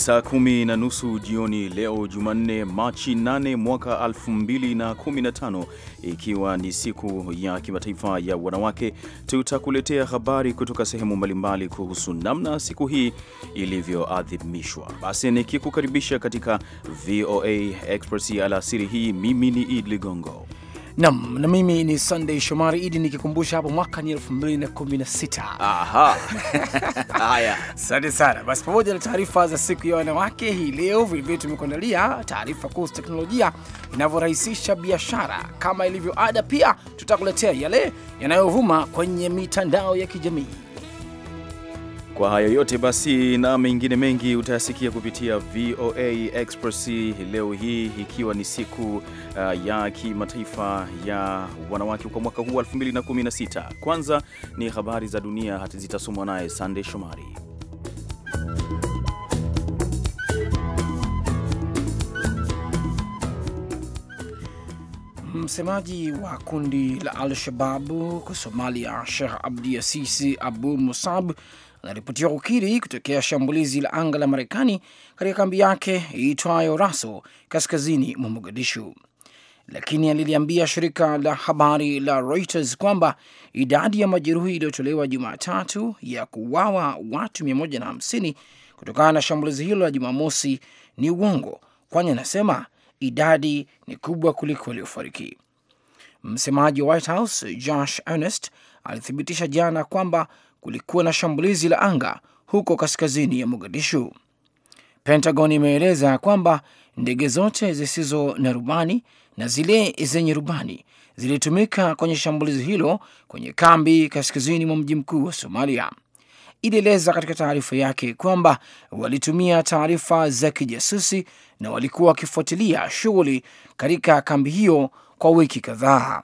saa kumi na nusu jioni leo Jumanne, Machi 8 mwaka 2015, ikiwa ni siku ya kimataifa ya wanawake. Tutakuletea habari kutoka sehemu mbalimbali kuhusu namna siku hii ilivyoadhimishwa. Basi nikikukaribisha katika VOA Express alasiri hii, mimi ni Id Ligongo Nam na mimi ni Sunday Shomari Idi nikikumbusha hapo mwaka ni 2016. Aha. Haya. Asante sana. Basi pamoja na taarifa za siku ya wanawake hii leo vilevile tumekuandalia taarifa kuhusu teknolojia inavyorahisisha biashara kama ilivyo ada, pia tutakuletea yale yanayovuma kwenye mitandao ya kijamii. Kwa hayo yote basi na mengine mengi utayasikia kupitia VOA Express leo hii, ikiwa ni siku uh, ya kimataifa ya wanawake kwa mwaka huu 2016. Kwanza ni habari za dunia zitasomwa naye Sandey Shomari. Msemaji wa kundi la Al-Shababu kwa Somalia, Sheikh Abdiasisi Abu Musab unaripotiwa kukiri kutokea shambulizi la anga la Marekani katika kambi yake iitwayo Raso kaskazini mwa Mogadishu, lakini aliliambia shirika la habari la Reuters kwamba idadi ya majeruhi iliyotolewa Jumatatu ya kuuawa watu 150 kutokana na shambulizi hilo la Jumamosi ni uongo, kwani anasema idadi ni kubwa kuliko waliofariki. Msemaji wa White House Josh Earnest alithibitisha jana kwamba kulikuwa na shambulizi la anga huko kaskazini ya Mogadishu. Pentagon imeeleza kwamba ndege zote zisizo na rubani na zile zenye rubani zilitumika kwenye shambulizi hilo kwenye kambi kaskazini mwa mji mkuu wa Somalia. Ilieleza katika taarifa yake kwamba walitumia taarifa za kijasusi na walikuwa wakifuatilia shughuli katika kambi hiyo kwa wiki kadhaa.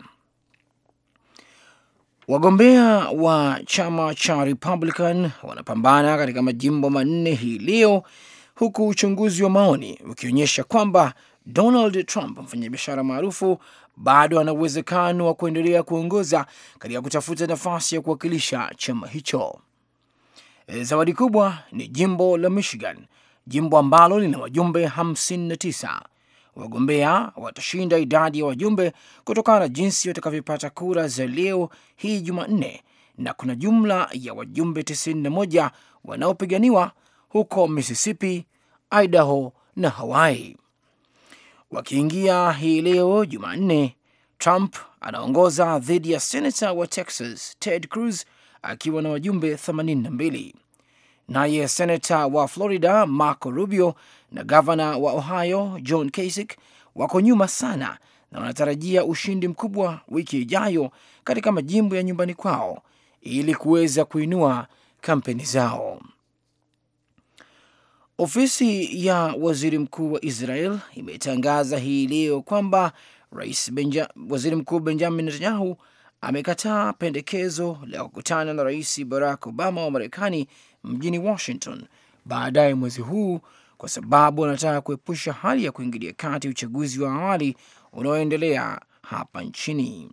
Wagombea wa chama cha Republican wanapambana katika majimbo manne hii leo, huku uchunguzi wa maoni ukionyesha kwamba Donald Trump, mfanyabiashara maarufu, bado ana uwezekano wa kuendelea kuongoza katika kutafuta nafasi ya kuwakilisha chama hicho. E, zawadi kubwa ni jimbo la Michigan, jimbo ambalo lina wajumbe 59 wagombea watashinda idadi ya wajumbe kutokana na jinsi watakavyopata kura za leo hii Jumanne, na kuna jumla ya wajumbe 91 wanaopiganiwa huko Mississippi, Idaho na Hawaii. Wakiingia hii leo Jumanne, Trump anaongoza dhidi ya senata wa Texas Ted Cruz akiwa na wajumbe 82. Naye senata wa Florida Marco Rubio na gavana wa Ohio John Kasich wako nyuma sana na wanatarajia ushindi mkubwa wiki ijayo katika majimbo ya nyumbani kwao ili kuweza kuinua kampeni zao. Ofisi ya waziri mkuu wa Israel imetangaza hii leo kwamba rais Benja, waziri mkuu Benjamin Netanyahu amekataa pendekezo la kukutana na rais Barack Obama wa Marekani mjini Washington baadaye mwezi huu kwa sababu wanataka kuepusha hali ya kuingilia kati uchaguzi wa awali unaoendelea hapa nchini.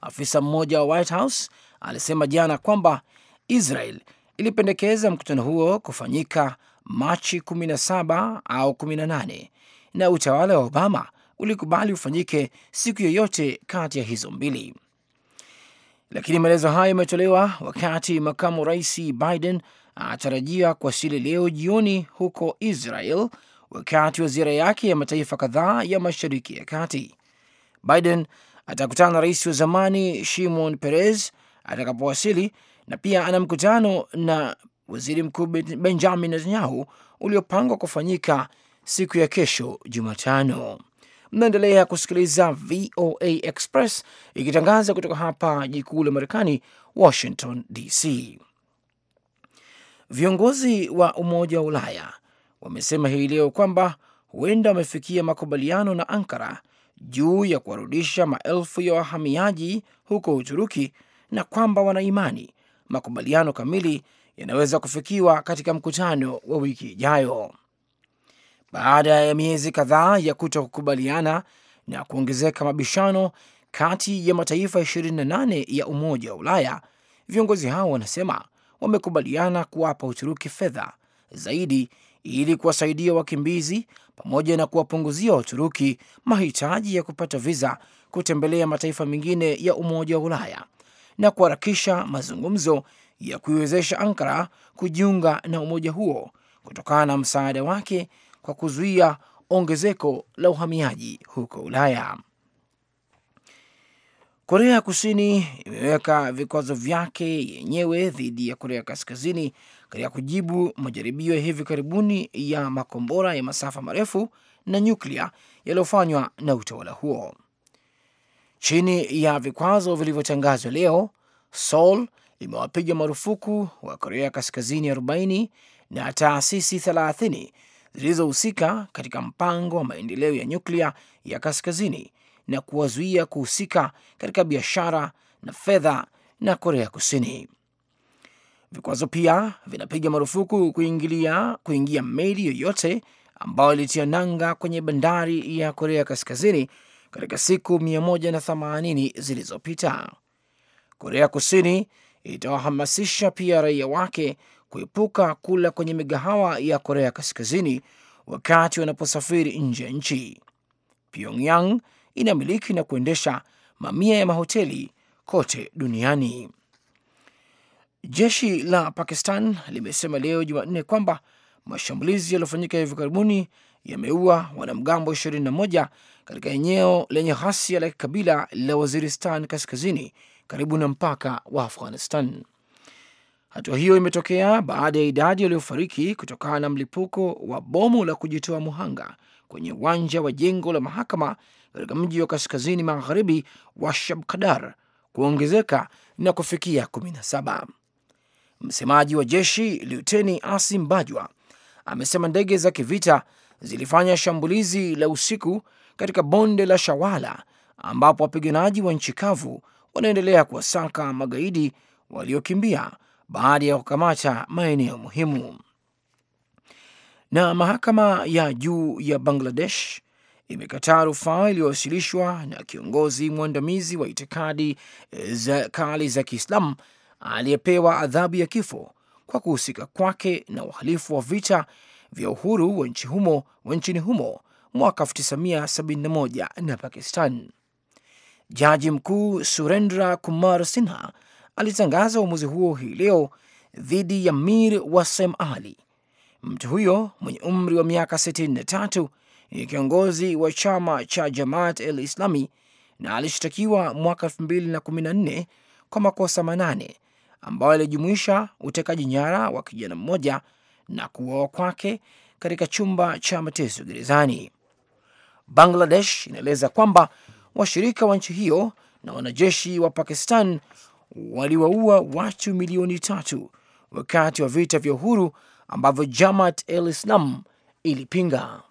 Afisa mmoja wa White House alisema jana kwamba Israel ilipendekeza mkutano huo kufanyika Machi 17 au 18 na utawala wa Obama ulikubali ufanyike siku yoyote kati ya hizo mbili, lakini maelezo hayo yametolewa wakati makamu rais Biden anatarajiwa kuwasili leo jioni huko Israel wakati wa ziara yake ya mataifa kadhaa ya Mashariki ya Kati. Biden atakutana na rais wa zamani Shimon Peres atakapowasili na pia ana mkutano na waziri mkuu Benjamin Netanyahu uliopangwa kufanyika siku ya kesho Jumatano. Mnaendelea kusikiliza VOA Express ikitangaza kutoka hapa jikuu la Marekani, Washington DC. Viongozi wa Umoja wa Ulaya wamesema hii leo kwamba huenda wamefikia makubaliano na Ankara juu ya kuwarudisha maelfu ya wahamiaji huko Uturuki na kwamba wana imani makubaliano kamili yanaweza kufikiwa katika mkutano wa wiki ijayo. Baada ya miezi kadhaa ya kuto kukubaliana na kuongezeka mabishano kati ya mataifa 28 ya Umoja wa Ulaya, viongozi hao wanasema wamekubaliana kuwapa Uturuki fedha zaidi ili kuwasaidia wakimbizi pamoja na kuwapunguzia Waturuki mahitaji ya kupata viza kutembelea mataifa mengine ya Umoja wa Ulaya na kuharakisha mazungumzo ya kuiwezesha Ankara kujiunga na umoja huo kutokana na msaada wake kwa kuzuia ongezeko la uhamiaji huko Ulaya. Korea ya Kusini imeweka vikwazo vyake yenyewe dhidi ya Korea Kaskazini katika kujibu majaribio ya hivi karibuni ya makombora ya masafa marefu na nyuklia yaliyofanywa na utawala huo. Chini ya vikwazo vilivyotangazwa leo, Seoul imewapiga marufuku wa Korea Kaskazini 40 na taasisi 30 zilizohusika katika mpango wa maendeleo ya nyuklia ya Kaskazini na kuwazuia kuhusika katika biashara na fedha na Korea Kusini. Vikwazo pia vinapiga marufuku kuingilia, kuingia meli yoyote ambayo ilitia nanga kwenye bandari ya Korea Kaskazini katika siku 180 zilizopita. Korea Kusini itawahamasisha pia raia wake kuepuka kula kwenye migahawa ya Korea Kaskazini wakati wanaposafiri nje ya nchi. Pyongyang inamiliki na kuendesha mamia ya mahoteli kote duniani. Jeshi la Pakistan limesema leo Jumanne kwamba mashambulizi yaliyofanyika hivi karibuni yameua wanamgambo 21 katika eneo lenye ghasia la kikabila la Waziristan kaskazini karibu na mpaka wa Afghanistan. Hatua hiyo imetokea baada ya idadi waliofariki kutokana na mlipuko wa bomu la kujitoa muhanga kwenye uwanja wa jengo la mahakama katika mji wa kaskazini magharibi wa Shabkadar kuongezeka na kufikia 17. Msemaji wa jeshi Luteni Asim Bajwa amesema ndege za kivita zilifanya shambulizi la usiku katika bonde la Shawala ambapo wapiganaji wa nchi kavu wanaendelea kuwasaka magaidi waliokimbia baada ya kukamata maeneo muhimu. Na mahakama ya juu ya Bangladesh imekataa rufaa iliyowasilishwa na kiongozi mwandamizi wa itikadi eh, za kali za Kiislamu aliyepewa adhabu ya kifo kwa kuhusika kwake na uhalifu wa vita vya uhuru wa nchi humo wa nchini humo mwaka 1971 na Pakistan. Jaji mkuu Surendra Kumar Sinha alitangaza uamuzi huo hii leo dhidi ya Mir Wasem Ali. Mtu huyo mwenye umri wa miaka 63 ni kiongozi wa chama cha Jamaat el Islami na alishtakiwa mwaka 2014 kwa makosa manane ambayo yalijumuisha utekaji nyara wa kijana mmoja na kuuawa kwake katika chumba cha mateso gerezani. Bangladesh inaeleza kwamba washirika wa nchi hiyo na wanajeshi wa Pakistan waliwaua watu milioni tatu wakati wa vita vya uhuru ambavyo Jamaat el Islam ilipinga.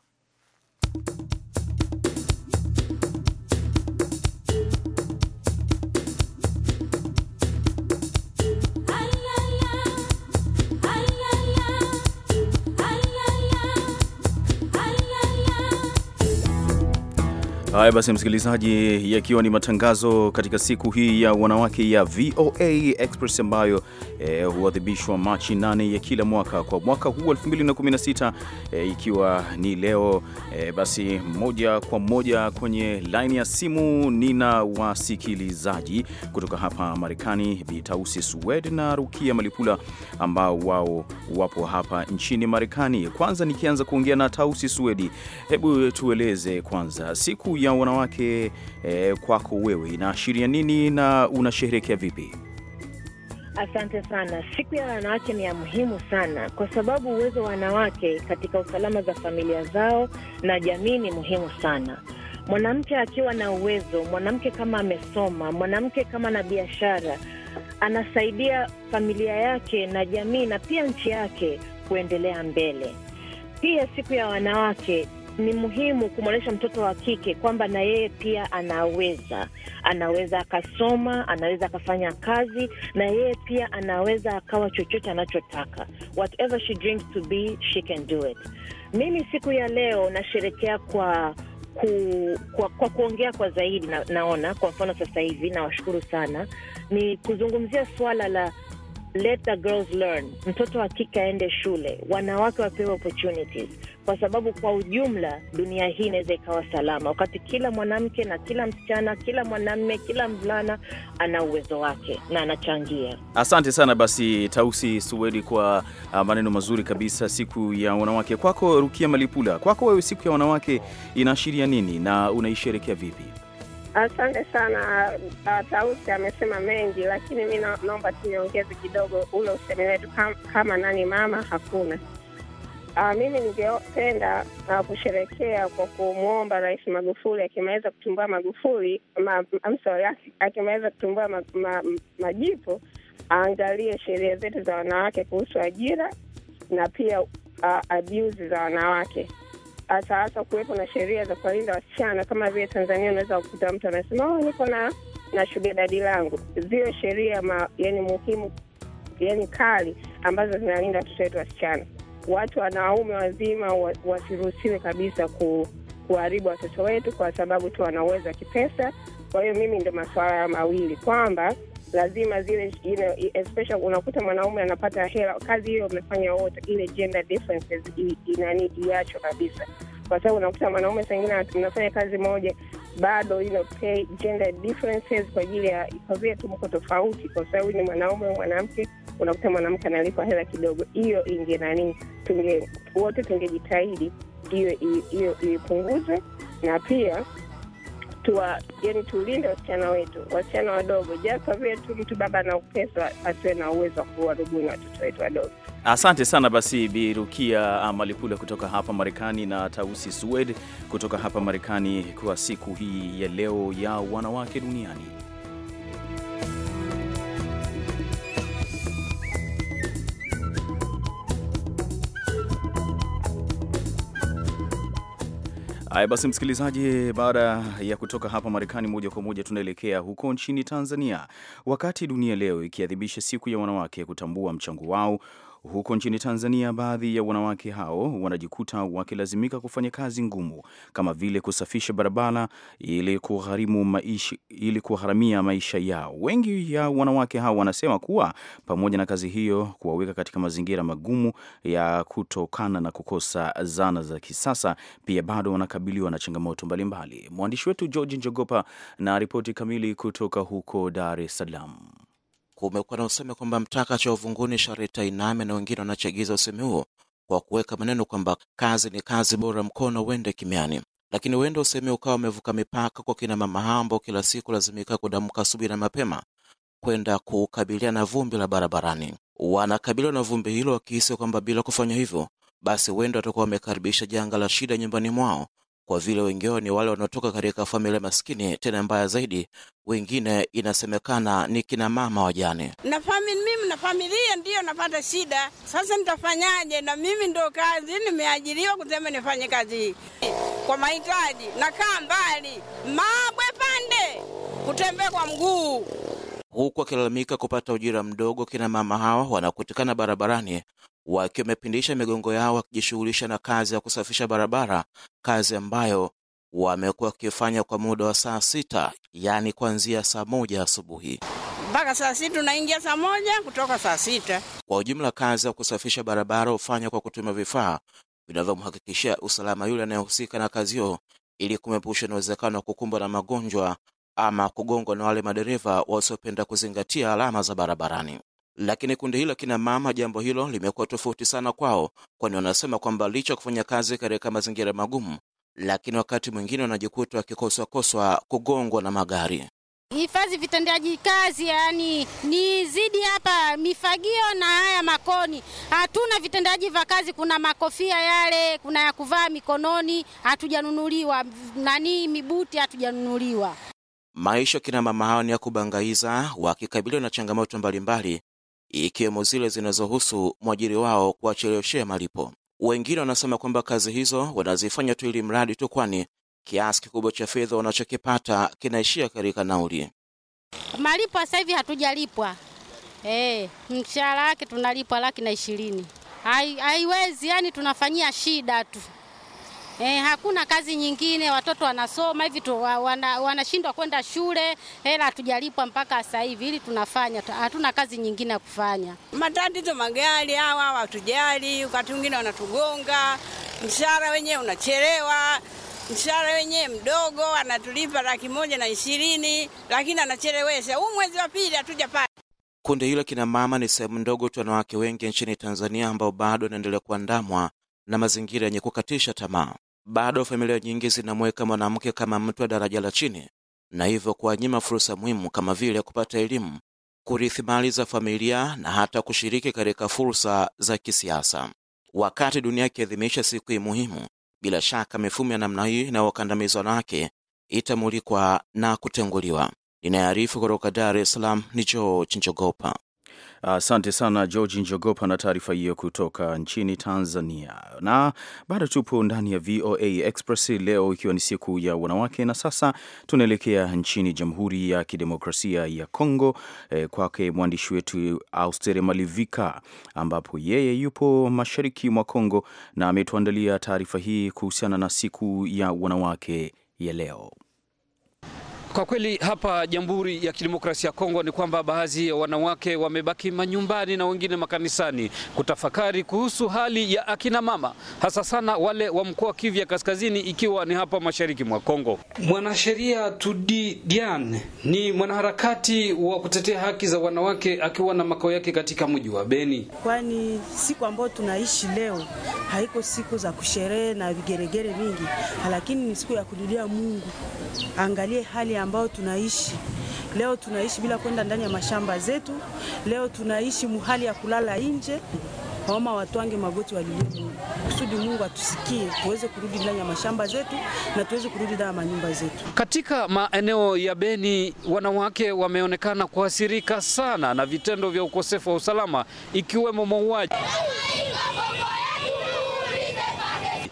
Haya basi, msikilizaji, yakiwa ni matangazo katika siku hii ya wanawake ya VOA Express ambayo e, huadhibishwa Machi 8 ya kila mwaka. Kwa mwaka huu 2016 e, ikiwa ni leo e, basi moja kwa moja kwenye laini ya simu nina wasikilizaji kutoka hapa Marekani, Bitausi Swed na Rukia Malipula ambao wao wapo hapa nchini Marekani. Kwanza nikianza kuongea na Tausi swedi hebu tueleze kwanza siku ya wanawake e, kwako wewe inaashiria nini na unasherehekea vipi? Asante sana. Siku ya wanawake ni ya muhimu sana, kwa sababu uwezo wa wanawake katika usalama za familia zao na jamii ni muhimu sana. Mwanamke akiwa na uwezo, mwanamke kama amesoma, mwanamke kama na biashara, anasaidia familia yake na jamii na pia nchi yake kuendelea mbele. Pia siku ya wanawake ni muhimu kumwonyesha mtoto wa kike kwamba na yeye pia anaweza, anaweza akasoma, anaweza akafanya kazi, na yeye pia anaweza akawa chochote anachotaka. Whatever she dreams to be, she can do it. Mimi siku ya leo nasherekea kwa ku, kwa, kwa kuongea kwa zaidi na, naona kwa mfano sasa hivi nawashukuru sana, ni kuzungumzia suala la let the girls learn, mtoto wa kike aende shule, wanawake wapewe opportunities kwa sababu kwa ujumla dunia hii inaweza ikawa salama wakati kila mwanamke na kila msichana, kila mwanamme, kila mvulana ana uwezo wake na anachangia. Asante sana basi, Tausi Suwedi, kwa ah, maneno mazuri kabisa siku ya wanawake. Kwako Rukia Malipula, kwako wewe, siku ya wanawake inaashiria nini na unaisherekea vipi? Asante sana ah, Tausi amesema mengi, lakini mi naomba tuniongeze kidogo ule usemi wetu kama, kama nani mama hakuna Uh, mimi ningependa uh, ah, kusherekea kwa kumwomba Rais Magufuli akimaweza kutumbua Magufuli ma, sorry, kutumbua ma, ma, Majipo aangalie sheria zetu za wanawake kuhusu ajira na pia uh, abuse za wanawake hata hasa kuwepo na sheria za kuwalinda wasichana. Kama vile Tanzania, unaweza kukuta mtu anasema oh, niko na na shuga dadi langu, ziwe sheria yani muhimu yani kali ambazo zinalinda watoto wetu wasichana watu wanaume wazima wasiruhusiwe kabisa ku, kuharibu watoto wetu kwa sababu tu wana uwezo wa kipesa. Kwa hiyo mimi ndo masuala mawili kwamba lazima zile you especially unakuta mwanaume anapata hela, kazi hiyo umefanya wote, ile gender differences inani iachwa kabisa, kwa sababu unakuta mwanaume saa ingine mnafanya kazi moja bado ilo pay gender differences kwa ajili ya ikavia tu mko tofauti, kwa sababu ni mwanaume mwanamke, unakuta mwanamke analipwa hela kidogo. Hiyo inge nani, tunge wote tungejitahidi hiyo ipunguzwe, na pia tuwa, yani tulinde wasichana wetu, wasichana wadogo, japo vile tu mtu baba ana upesa asiwe na uwezo wa kuwarubuni watoto wetu wadogo. Asante sana basi Birukia Malikula kutoka hapa Marekani na Tausi Swed kutoka hapa Marekani kwa siku hii ya leo ya wanawake duniani. Haya basi, msikilizaji, baada ya kutoka hapa Marekani moja kwa moja tunaelekea huko nchini Tanzania. Wakati dunia leo ikiadhimisha siku ya wanawake, kutambua mchango wao huko nchini Tanzania, baadhi ya wanawake hao wanajikuta wakilazimika kufanya kazi ngumu kama vile kusafisha barabara ili kugharimu maisha, ili kugharamia maisha yao. Wengi ya wanawake hao wanasema kuwa pamoja na kazi hiyo, kuwaweka katika mazingira magumu ya kutokana na kukosa zana za kisasa, pia bado wanakabiliwa na changamoto mbalimbali. Mwandishi wetu George Njogopa na ripoti kamili kutoka huko Dar es Salaam. Kumekuwa na usemi kwamba mtaka cha uvunguni sharita iname na wengine wanachagiza usemi huo kwa kuweka maneno kwamba kazi ni kazi, bora mkono uende kimiani. Lakini huenda usemi ukawa umevuka mipaka kwa kina mama hambo kila siku lazimika kudamka asubuhi na mapema kwenda kukabilia na vumbi la barabarani. Wanakabiliwa na vumbi hilo wakihisi kwamba bila kufanya hivyo, basi huenda watakuwa wamekaribisha janga la shida nyumbani mwao kwa vile wengi wao ni wale wanaotoka katika familia maskini. Tena mbaya zaidi, wengine inasemekana ni kina mama wajane. Na famili mimi na familia ndiyo napata shida. Sasa nitafanyaje? Na mimi ndo kazi nimeajiriwa kusema nifanye kazi hii kwa mahitaji, nakaa mbali mabwe pande kutembea kwa mguu, huku wakilalamika kupata ujira mdogo. Kina mama hawa wanakutikana barabarani wakiwa wamepindisha migongo yao wakijishughulisha na kazi ya kusafisha barabara, kazi ambayo wamekuwa wakifanya kwa muda wa saa sita, yaani kuanzia saa moja asubuhi mpaka saa sita unaingia saa moja kutoka saa sita. Kwa ujumla, kazi ya kusafisha barabara hufanywa kwa kutumia vifaa vinavyomhakikishia usalama yule anayehusika na kazi hiyo, ili kumepusha na uwezekano wa kukumbwa na magonjwa ama kugongwa na wale madereva wasiopenda kuzingatia alama za barabarani. Lakini kundi hilo kina mama, jambo hilo limekuwa tofauti sana kwao, kwani wanasema kwamba licha kufanya kazi katika mazingira magumu, lakini wakati mwingine wanajikuta wakikoswakoswa, kugongwa na magari. Hifadhi vitendaji kazi, yani ni zidi hapa mifagio na haya makoni, hatuna vitendaji vya kazi. Kuna makofia yale, kuna ya kuvaa mikononi, hatujanunuliwa nani, mibuti hatujanunuliwa. Maisha kina mama hao ni ya kubangaiza, wakikabiliwa na changamoto mbalimbali ikiwemo zile zinazohusu mwajiri wao kuwacheleweshea malipo. Wengine wanasema kwamba kazi hizo wanazifanya tu ili mradi tu, kwani kiasi kikubwa cha fedha wanachokipata kinaishia katika nauli. Malipo sasa hivi hatujalipwa e, mshahara wake tunalipwa laki na ishirini. Haiwezi, yani tunafanyia shida tu eh, hakuna kazi nyingine, watoto wanasoma hivi tu wana, wanashindwa kwenda shule, hela hatujalipwa mpaka sasa hivi, ili tunafanya hatuna kazi nyingine ya kufanya. Matatizo magari hawa watujali, wakati mwingine wanatugonga, mshahara wenyewe unachelewa mshahara wenyewe mdogo, anatulipa laki moja na ishirini lakini anachelewesha. Huu mwezi wa pili hatujapata. Kundi hilo kina mama ni sehemu ndogo tu wanawake wengi nchini Tanzania ambao bado wanaendelea kuandamwa na mazingira yenye kukatisha tamaa bado familia nyingi zinamweka mwanamke kama mtu wa daraja la chini na hivyo kuwanyima fursa muhimu kama vile kupata elimu, kurithi mali za familia na hata kushiriki katika fursa za kisiasa. Wakati dunia ikiadhimisha siku hii muhimu, bila shaka mifumo ya namna hii inayokandamizwa wake itamulikwa na kutenguliwa. Inayoarifu kutoka Dar es Salaam ni Joo Chinjogopa. Asante uh, sana George Njogopa na taarifa hiyo kutoka nchini Tanzania. Na bado tupo ndani ya VOA Express leo, ikiwa ni siku ya wanawake, na sasa tunaelekea nchini Jamhuri ya Kidemokrasia ya Kongo eh, kwake mwandishi wetu Austere Malivika, ambapo yeye yupo mashariki mwa Kongo na ametuandalia taarifa hii kuhusiana na siku ya wanawake ya leo. Kwa kweli hapa Jamhuri ya Kidemokrasia ya Kongo ni kwamba baadhi ya wanawake wamebaki manyumbani na wengine makanisani kutafakari kuhusu hali ya akina mama, hasa sana wale wa mkoa Kivu ya Kaskazini, ikiwa ni hapa mashariki mwa Kongo. Mwanasheria Tudi Dian ni mwanaharakati wa kutetea haki za wanawake akiwa na makao yake katika mji wa Beni. Kwani siku ambayo tunaishi leo haiko siku za kusherehe na vigeregere vingi, lakini ni siku ya kulilia Mungu, angalie hali ambayo tunaishi leo. Tunaishi bila kwenda ndani ya mashamba zetu, leo tunaishi muhali ya kulala nje. Waoma watwange magoti walilie Mungu kusudi Mungu atusikie tuweze kurudi ndani ya mashamba zetu na tuweze kurudi ndani ya manyumba zetu. Katika maeneo ya Beni, wanawake wameonekana kuathirika sana na vitendo vya ukosefu wa usalama ikiwemo mauaji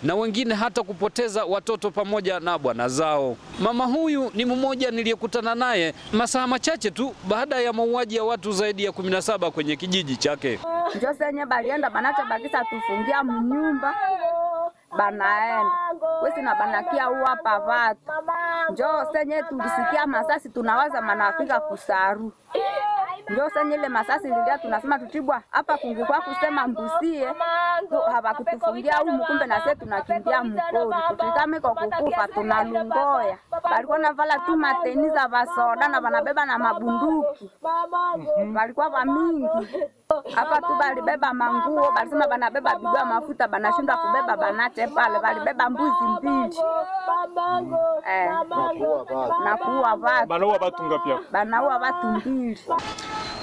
na wengine hata kupoteza watoto pamoja na bwana zao. Mama huyu ni mmoja niliyekutana naye masaa machache tu baada ya mauaji ya watu zaidi ya 17 kwenye kijiji chake. Njosenye balienda banacha bakisa tufungia mnyumba banaenda wesi na banakia uwapa vatu njo senye tulisikia masasi tunawaza manafika kusaru ndio sasa ile masasi ndio tunasema tutibwa hapa kungekuwa kusema mbusie hapa kutufungia huko kumbe na sasa tunakimbia mkori tutikame kwa kukufa tunalungoya. walikuwa na vala tu mateni za vasoda na wanabeba na mabunduki mhm. walikuwa balikuwa mingi hapa tu bali beba manguo, bali sema bana beba bidwa mafuta, bana shinda kubeba, banate pale bali beba mbuzi mbili eh, na kuwa watu, bana banaua watu mbili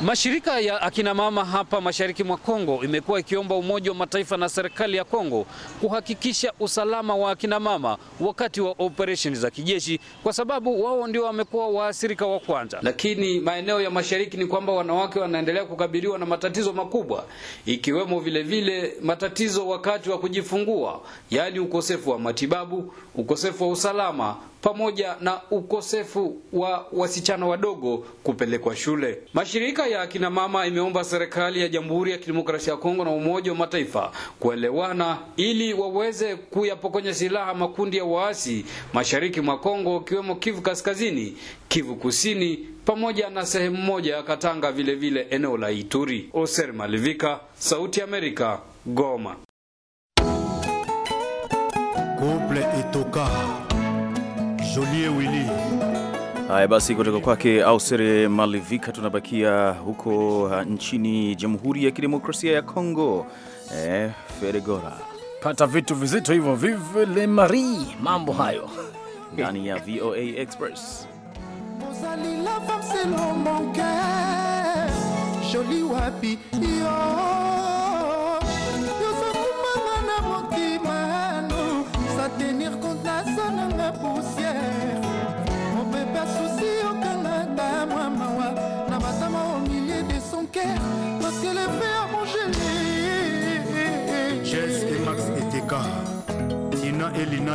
Mashirika ya akina mama hapa mashariki mwa Kongo imekuwa ikiomba Umoja wa Mataifa na serikali ya Kongo kuhakikisha usalama wa akina mama wakati wa operesheni za kijeshi, kwa sababu wao ndio wamekuwa waathirika wa kwanza. Lakini maeneo ya mashariki ni kwamba wanawake wanaendelea kukabiliwa na matatizo makubwa, ikiwemo vilevile vile matatizo wakati wa kujifungua, yaani ukosefu wa matibabu, ukosefu wa usalama pamoja na ukosefu wa wasichana wadogo kupelekwa shule. Mashirika ya akina mama imeomba serikali ya Jamhuri ya Kidemokrasia ya Kongo na Umoja wa Mataifa kuelewana ili waweze kuyapokonya silaha makundi ya waasi mashariki mwa Kongo, ikiwemo Kivu Kaskazini, Kivu Kusini pamoja na sehemu moja ya Katanga, vile vile eneo la Ituri. Oser Malivika, Sauti Amerika, Goma. Couple etoka Jolie Willy. Haya basi, kutoka kwake Ausere Malivika tunabakia huko uh, nchini Jamhuri ya Kidemokrasia ya Kongo. Eh, Feregora pata vitu vizito hivyo, vive le mari, mambo hayo ndani ya VOA Express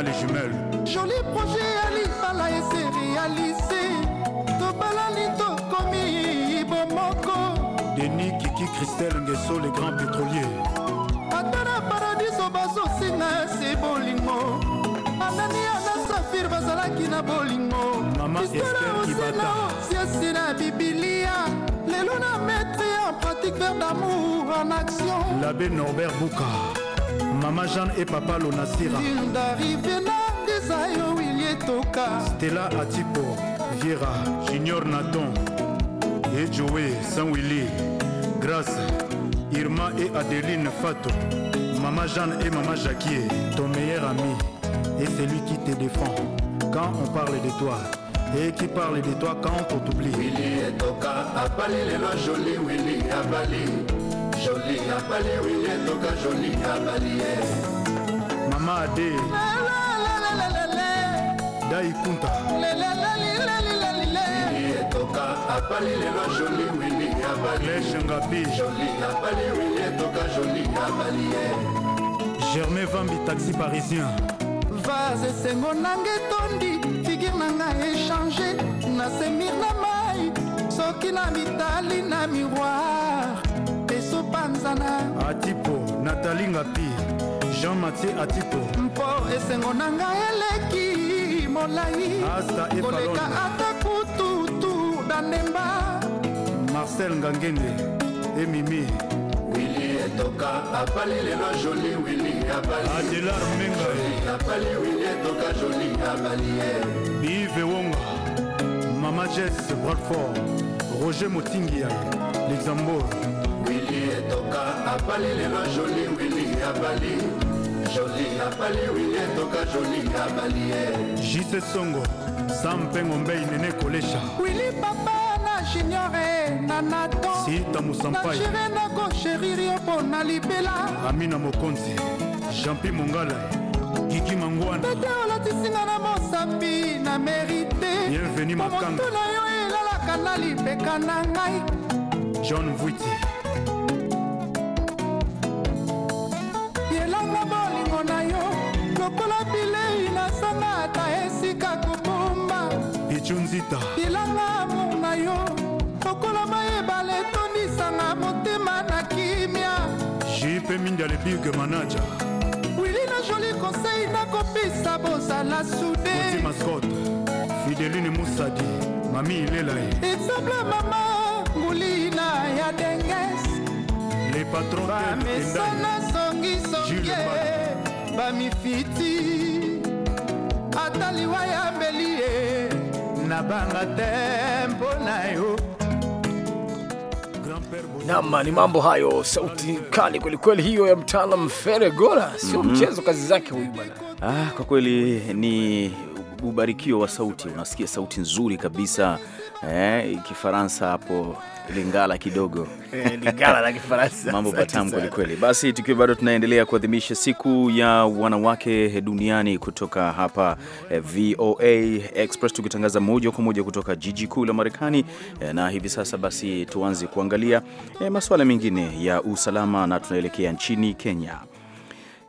maintenant les jumelles joli projet ya libala eserealise tobalani tokomi bomoko denis kiki christel ngeso le grand pétrolier ata na paradiso bazosinga se bolingo anania na safir bazalaki na bolingo istelaosela siasi na bibilia lelo na maître en pratique vers d'amour en action l'abbé norbert bouka mama jeanne e papa lonasiraildarive nandeza yo wilietoka stela atipo viera junior naton e joe san willi grace irma e adeline fato mama jeanne et maman jacquier ton meilleur ami et celui qui te défend quand on parle de toi et qui parle de toi quand on t'oublie Willy et Toka, Abali, les joli Willy, Abali. joli abale wi etoka joli abalie eh. mama ade dai kunta etoka apali lelo joli wili abaleshengapi joli apali wili etoka joli abalie germain vambi taxi parisien vase esengo nanga etondi figire na ngai echange nasemir na mai soki na mitali na miroir kopanzana atipo natalinga pi jean mathieu atipo mpo esengo na ngai eleki molai e koleka ata kututu bandemba marcel ngangende emimi wili etoka apali lelo joli wili abaliadelar menga apali wili etoka joli abali bive eh. wonga mama jes bradford roger motingia luxembourg wili etoka apali lelo joli wili abali joli abali wili etoka joli abali ye eh. jise songo sa mpengo mbei nene kolesha wili papa na juniore na nato sitamusampainajire ndako sheriri yo mpo na libela amina mokonzi jampi mongala gigi mangwana tete olatisinga na mosambi na merite bienveni makanga na yo elalaka na libeka na ngai john vuiti echo nzita bilanga amour na yo lokola mayebale etondisanga motema na kimia jipe mindia lebirge manaja wili na joli konsei nakopesa bozala sude mascot fideline musadi mami ilela ye exemple mama ngulina ya denges le patron bamesana songisonge bamifiti ata liwa yambeli ye nabanga na yo ni mambo hayo, sauti kali kwelikweli, hiyo ya mtaalam Feregora sio mm -hmm. mchezo, kazi zake huyu bwana. Ah, kwa kweli ni ubarikio wa sauti, unasikia sauti nzuri kabisa eh, Kifaransa hapo Lingala kidogo eh, Lingala la Kifaransa. Mambo matamu kwelikweli. Basi tukiwa bado tunaendelea kuadhimisha siku ya wanawake eh, duniani kutoka hapa eh, VOA Express tukitangaza moja kwa moja kutoka jiji kuu la Marekani eh, na hivi sasa basi tuanze kuangalia eh, masuala mengine ya usalama na tunaelekea nchini Kenya.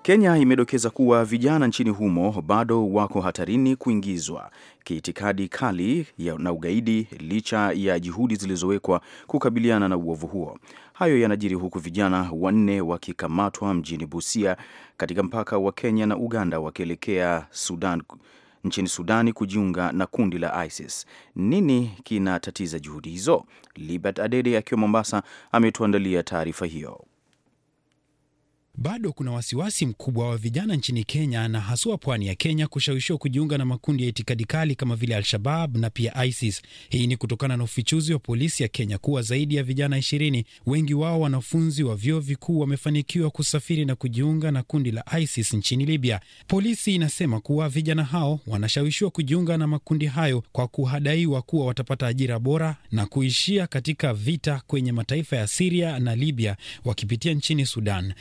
Kenya imedokeza kuwa vijana nchini humo bado wako hatarini kuingizwa kiitikadi kali na ugaidi licha ya juhudi zilizowekwa kukabiliana na uovu huo. Hayo yanajiri huku vijana wanne wakikamatwa mjini Busia katika mpaka wa Kenya na Uganda wakielekea Sudan, nchini Sudani kujiunga na kundi la ISIS. Nini kinatatiza juhudi hizo? Libert Adede akiwa Mombasa ametuandalia taarifa hiyo. Bado kuna wasiwasi mkubwa wa vijana nchini Kenya na haswa pwani ya Kenya kushawishiwa kujiunga na makundi ya itikadi kali kama vile Al-Shabab na pia ISIS. Hii ni kutokana na ufichuzi wa polisi ya Kenya kuwa zaidi ya vijana ishirini, wengi wao wanafunzi wa vyuo vikuu, wamefanikiwa kusafiri na kujiunga na kundi la ISIS nchini Libya. Polisi inasema kuwa vijana hao wanashawishiwa kujiunga na makundi hayo kwa kuhadaiwa kuwa watapata ajira bora na kuishia katika vita kwenye mataifa ya Siria na Libya wakipitia nchini Sudan.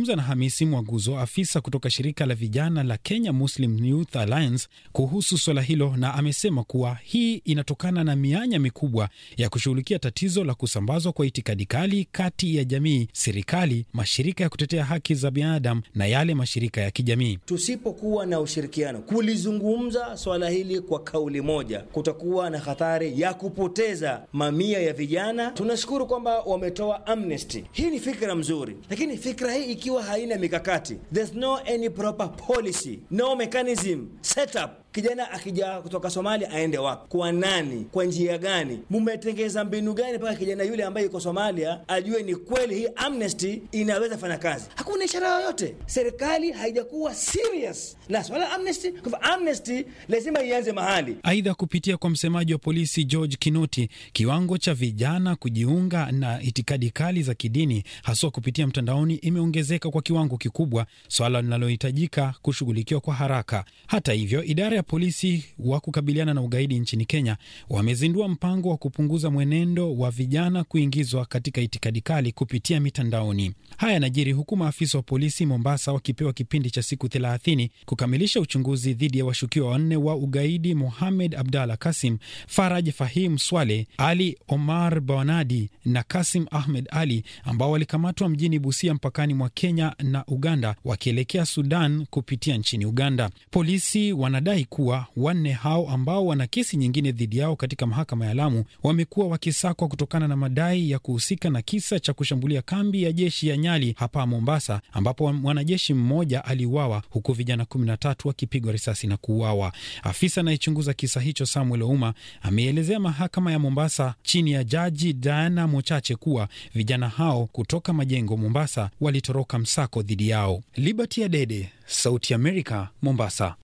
Akizungumza na Hamisi Mwaguzo, afisa kutoka shirika la vijana la Kenya Muslim Youth Alliance kuhusu swala hilo, na amesema kuwa hii inatokana na mianya mikubwa ya kushughulikia tatizo la kusambazwa kwa itikadi kali kati ya jamii, serikali, mashirika ya kutetea haki za binadamu na yale mashirika ya kijamii. Tusipokuwa na ushirikiano kulizungumza swala hili kwa kauli moja, kutakuwa na hatari ya kupoteza mamia ya vijana. Tunashukuru kwamba wametoa amnesty. Hii ni fikra mzuri, lakini fikra hii ikiwa haina mikakati, there's no any proper policy, no mechanism set up Kijana akija kutoka Somalia aende wapi? Kwa nani? Kwa njia gani? Mumetengeza mbinu gani mpaka kijana yule ambaye yuko Somalia ajue ni kweli hii amnesty inaweza fanya kazi? Hakuna ishara yoyote, serikali haijakuwa serious na swala la amnesty. Kwa amnesty lazima ianze mahali. Aidha, kupitia kwa msemaji wa polisi George Kinoti, kiwango cha vijana kujiunga na itikadi kali za kidini haswa kupitia mtandaoni imeongezeka kwa kiwango kikubwa, swala linalohitajika kushughulikiwa kwa haraka. Hata hivyo idara ya polisi wa kukabiliana na ugaidi nchini Kenya wamezindua mpango wa kupunguza mwenendo wa vijana kuingizwa katika itikadi kali kupitia mitandaoni. Haya yanajiri huku maafisa wa polisi Mombasa wakipewa kipindi cha siku 30 kukamilisha uchunguzi dhidi ya washukiwa wanne wa ugaidi muhamed Abdallah Kasim, Faraj Fahim Swale, Ali Omar Bawanadi na Kasim Ahmed Ali ambao walikamatwa mjini Busia mpakani mwa Kenya na Uganda wakielekea Sudan kupitia nchini Uganda. Polisi wanadai kuwa wanne hao ambao wana kesi nyingine dhidi yao katika mahakama ya Lamu wamekuwa wakisakwa kutokana na madai ya kuhusika na kisa cha kushambulia kambi ya jeshi ya Nyali hapa Mombasa, ambapo mwanajeshi mmoja aliuawa huku vijana 13 wakipigwa risasi na kuuawa. Afisa anayechunguza kisa hicho Samuel Ouma ameelezea mahakama ya Mombasa chini ya jaji Diana Mochache kuwa vijana hao kutoka majengo Mombasa walitoroka msako dhidi yao. Liberty Adede, Sauti Amerika, Mombasa.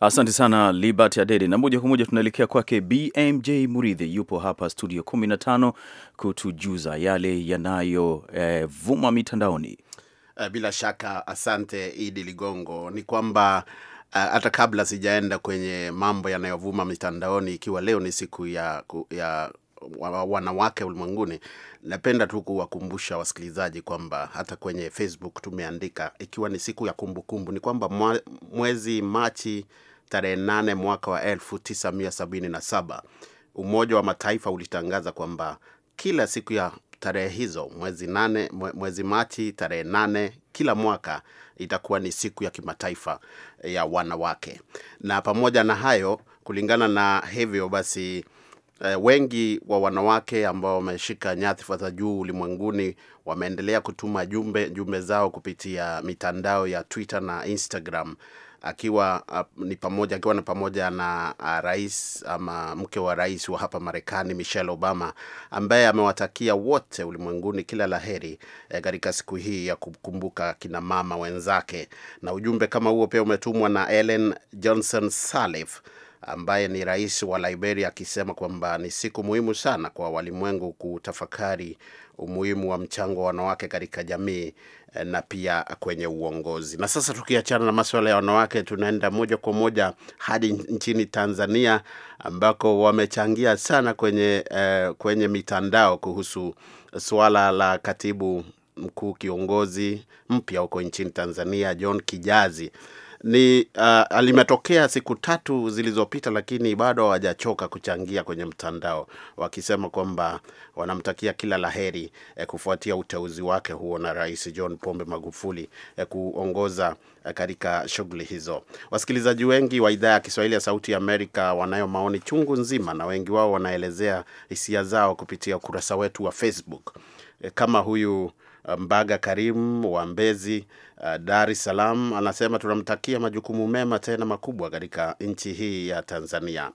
Asante sana Libert Adede, na moja kwa moja tunaelekea kwake BMJ Muridhi, yupo hapa studio 15 kutujuza yale yanayovuma e, mitandaoni. Eh, bila shaka asante Idi Ligongo. Ni kwamba eh, hata kabla sijaenda kwenye mambo yanayovuma mitandaoni, ikiwa leo ni siku ya, ya wanawake ulimwenguni, napenda tu kuwakumbusha wasikilizaji kwamba hata kwenye Facebook tumeandika ikiwa ni siku ya kumbukumbu, ni kwamba mwezi Machi tarehe 8 mwaka wa saba Umoja wa Mataifa ulitangaza kwamba kila siku ya tarehe hizo mwezi nane, mwezi Machi tarehe nane kila mwaka itakuwa ni siku ya kimataifa ya wanawake. Na pamoja na hayo, kulingana na hivyo basi Eh, wengi wa wanawake ambao wameshika nyadhifa za juu ulimwenguni wameendelea kutuma jumbe jumbe zao kupitia mitandao ya Twitter na Instagram akiwa uh, ni pamoja akiwa na pamoja na uh, rais ama mke wa rais wa hapa Marekani Michelle Obama ambaye amewatakia wote ulimwenguni kila laheri eh, katika siku hii ya kukumbuka kina mama wenzake. Na ujumbe kama huo pia umetumwa na Ellen Johnson Sirleaf ambaye ni rais wa Liberia akisema kwamba ni siku muhimu sana kwa walimwengu kutafakari umuhimu wa mchango wa wanawake katika jamii eh, na pia kwenye uongozi. Na sasa tukiachana na masuala ya wanawake, tunaenda moja kwa moja hadi nchini Tanzania ambako wamechangia sana kwenye, eh, kwenye mitandao kuhusu suala la katibu mkuu kiongozi mpya huko nchini Tanzania John Kijazi ni uh, limetokea siku tatu zilizopita, lakini bado hawajachoka kuchangia kwenye mtandao wakisema kwamba wanamtakia kila laheri eh, kufuatia uteuzi wake huo na Rais John Pombe Magufuli eh, kuongoza eh, katika shughuli hizo. Wasikilizaji wengi wa idhaa ya Kiswahili ya Sauti ya Amerika wanayo maoni chungu nzima, na wengi wao wanaelezea hisia zao kupitia ukurasa wetu wa Facebook eh, kama huyu eh, Mbaga karimu wa Mbezi Uh, Dar es Salaam anasema tunamtakia majukumu mema tena makubwa katika nchi hii ya Tanzania,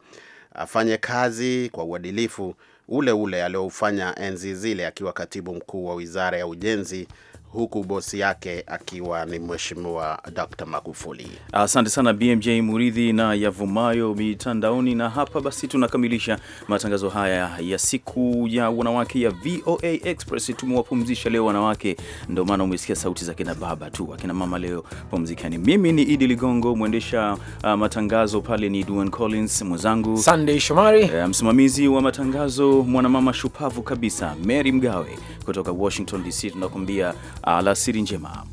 afanye kazi kwa uadilifu ule ule aliofanya enzi zile akiwa katibu mkuu wa Wizara ya Ujenzi huku bosi yake akiwa ni mheshimiwa Dr. Magufuli. Asante sana BMJ Muridhi na yavumayo mitandaoni. Na hapa basi tunakamilisha matangazo haya ya siku ya wanawake ya VOA Express. Tumewapumzisha leo wanawake, ndio maana umesikia sauti za kina baba tu, akina mama leo pumzikani. Mimi ni Idi Ligongo, mwendesha uh, matangazo pale ni Duan Collins, mwenzangu Sunday Shomari, uh, msimamizi wa matangazo mwanamama shupavu kabisa Mary Mgawe kutoka Washington DC, tunakuambia Alasiri njema.